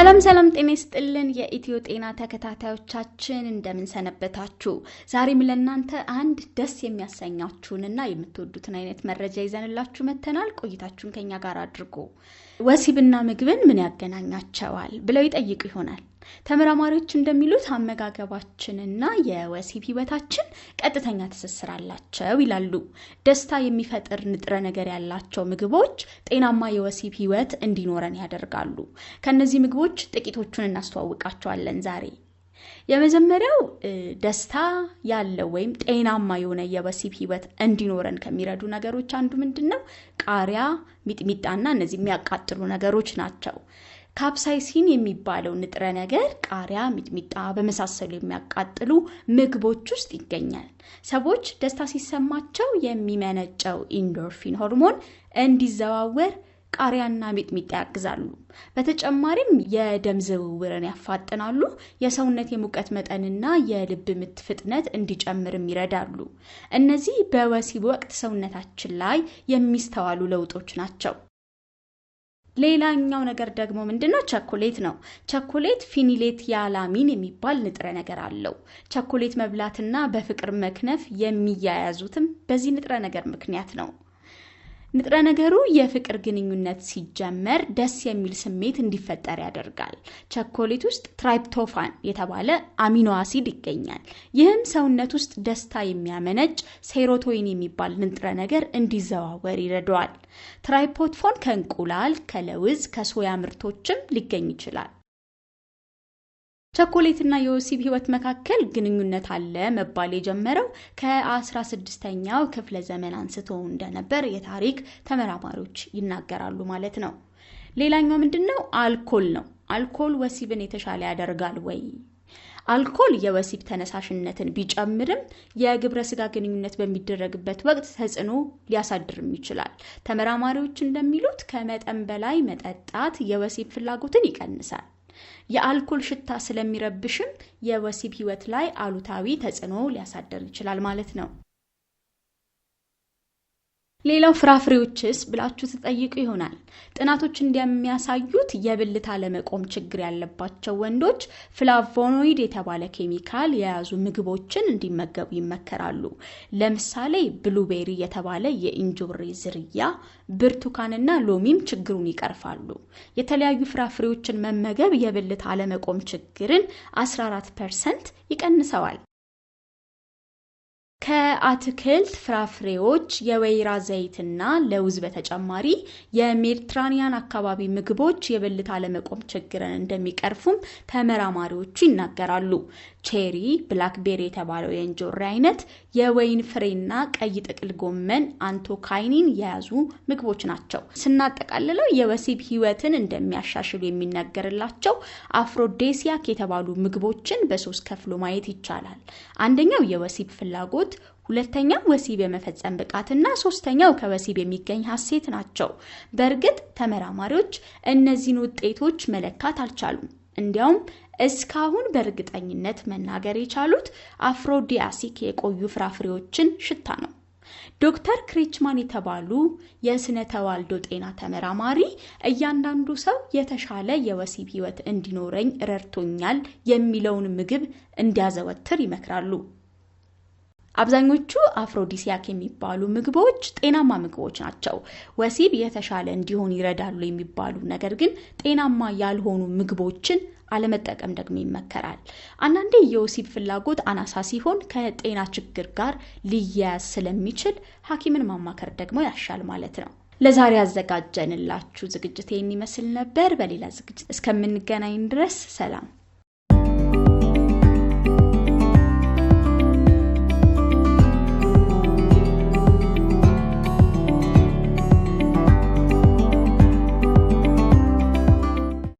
ሰላም ሰላም፣ ጤና ይስጥልን የኢትዮ ጤና ተከታታዮቻችን እንደምንሰነበታችሁ። ዛሬም ለእናንተ አንድ ደስ የሚያሰኛችሁንና የምትወዱትን አይነት መረጃ ይዘንላችሁ መተናል። ቆይታችሁን ከኛ ጋር አድርጎ ወሲብና ምግብን ምን ያገናኛቸዋል ብለው ይጠይቁ ይሆናል። ተመራማሪዎች እንደሚሉት አመጋገባችንና የወሲብ ህይወታችን ቀጥተኛ ትስስር አላቸው ይላሉ። ደስታ የሚፈጥር ንጥረ ነገር ያላቸው ምግቦች ጤናማ የወሲብ ህይወት እንዲኖረን ያደርጋሉ። ከእነዚህ ምግቦች ጥቂቶቹን እናስተዋውቃቸዋለን ዛሬ የመጀመሪያው ደስታ ያለው ወይም ጤናማ የሆነ የወሲብ ህይወት እንዲኖረን ከሚረዱ ነገሮች አንዱ ምንድን ነው? ቃሪያ፣ ሚጥሚጣና እነዚህ የሚያቃጥሉ ነገሮች ናቸው። ካፕሳይሲን የሚባለው ንጥረ ነገር ቃሪያ፣ ሚጥሚጣ በመሳሰሉ የሚያቃጥሉ ምግቦች ውስጥ ይገኛል። ሰዎች ደስታ ሲሰማቸው የሚመነጨው ኢንዶርፊን ሆርሞን እንዲዘዋወር ቃሪያና ሚጥሚጣ ያግዛሉ። በተጨማሪም የደም ዝውውርን ያፋጥናሉ። የሰውነት የሙቀት መጠንና የልብ ምት ፍጥነት እንዲጨምርም ይረዳሉ። እነዚህ በወሲብ ወቅት ሰውነታችን ላይ የሚስተዋሉ ለውጦች ናቸው። ሌላኛው ነገር ደግሞ ምንድነው? ቸኮሌት ነው። ቸኮሌት ፊኒሌት ያላሚን የሚባል ንጥረ ነገር አለው። ቸኮሌት መብላትና በፍቅር መክነፍ የሚያያዙትም በዚህ ንጥረ ነገር ምክንያት ነው። ንጥረ ነገሩ የፍቅር ግንኙነት ሲጀመር ደስ የሚል ስሜት እንዲፈጠር ያደርጋል። ቸኮሌት ውስጥ ትራይፕቶፋን የተባለ አሚኖ አሲድ ይገኛል። ይህም ሰውነት ውስጥ ደስታ የሚያመነጭ ሴሮቶይን የሚባል ንጥረ ነገር እንዲዘዋወር ይረዳዋል። ትራይፖትፎን ከእንቁላል፣ ከለውዝ፣ ከሶያ ምርቶችም ሊገኝ ይችላል። ቸኮሌትና የወሲብ ህይወት መካከል ግንኙነት አለ መባል የጀመረው ከ16ኛው ክፍለ ዘመን አንስቶ እንደነበር የታሪክ ተመራማሪዎች ይናገራሉ ማለት ነው። ሌላኛው ምንድን ነው? አልኮል ነው። አልኮል ወሲብን የተሻለ ያደርጋል ወይ? አልኮል የወሲብ ተነሳሽነትን ቢጨምርም የግብረ ስጋ ግንኙነት በሚደረግበት ወቅት ተጽዕኖ ሊያሳድርም ይችላል። ተመራማሪዎች እንደሚሉት ከመጠን በላይ መጠጣት የወሲብ ፍላጎትን ይቀንሳል። የአልኮል ሽታ ስለሚረብሽም የወሲብ ህይወት ላይ አሉታዊ ተጽዕኖ ሊያሳደር ይችላል ማለት ነው። ሌላው ፍራፍሬዎችስ ብላችሁ ትጠይቁ ይሆናል። ጥናቶች እንደሚያሳዩት የብልት አለመቆም ችግር ያለባቸው ወንዶች ፍላቮኖይድ የተባለ ኬሚካል የያዙ ምግቦችን እንዲመገቡ ይመከራሉ። ለምሳሌ ብሉቤሪ የተባለ የእንጆሪ ዝርያ፣ ብርቱካንና ሎሚም ችግሩን ይቀርፋሉ። የተለያዩ ፍራፍሬዎችን መመገብ የብልት አለመቆም ችግርን 14 ፐርሰንት ይቀንሰዋል። ከአትክልት ፍራፍሬዎች፣ የወይራ ዘይትና ለውዝ በተጨማሪ የሜዲትራኒያን አካባቢ ምግቦች የብልት አለመቆም ችግርን እንደሚቀርፉም ተመራማሪዎቹ ይናገራሉ። ቼሪ፣ ብላክቤሪ የተባለው የእንጆሪ አይነት፣ የወይን ፍሬና ቀይ ጥቅል ጎመን አንቶካይኒን የያዙ ምግቦች ናቸው። ስናጠቃልለው የወሲብ ህይወትን እንደሚያሻሽሉ የሚነገርላቸው አፍሮዴሲያክ የተባሉ ምግቦችን በሶስት ከፍሎ ማየት ይቻላል። አንደኛው የወሲብ ፍላጎት የሚመጡት ሁለተኛ ወሲብ የመፈጸም ብቃትና ሶስተኛው ከወሲብ የሚገኝ ሀሴት ናቸው። በእርግጥ ተመራማሪዎች እነዚህን ውጤቶች መለካት አልቻሉም። እንዲያውም እስካሁን በእርግጠኝነት መናገር የቻሉት አፍሮዲያሲክ የቆዩ ፍራፍሬዎችን ሽታ ነው። ዶክተር ክሪችማን የተባሉ የስነ ተዋልዶ ጤና ተመራማሪ እያንዳንዱ ሰው የተሻለ የወሲብ ህይወት እንዲኖረኝ ረድቶኛል የሚለውን ምግብ እንዲያዘወትር ይመክራሉ። አብዛኞቹ አፍሮዲሲያክ የሚባሉ ምግቦች ጤናማ ምግቦች ናቸው። ወሲብ የተሻለ እንዲሆን ይረዳሉ የሚባሉ ነገር ግን ጤናማ ያልሆኑ ምግቦችን አለመጠቀም ደግሞ ይመከራል። አንዳንዴ የወሲብ ፍላጎት አናሳ ሲሆን ከጤና ችግር ጋር ሊያያዝ ስለሚችል ሐኪምን ማማከር ደግሞ ያሻል ማለት ነው። ለዛሬ ያዘጋጀንላችሁ ዝግጅት ይህን ይመስል ነበር። በሌላ ዝግጅት እስከምንገናኝ ድረስ ሰላም።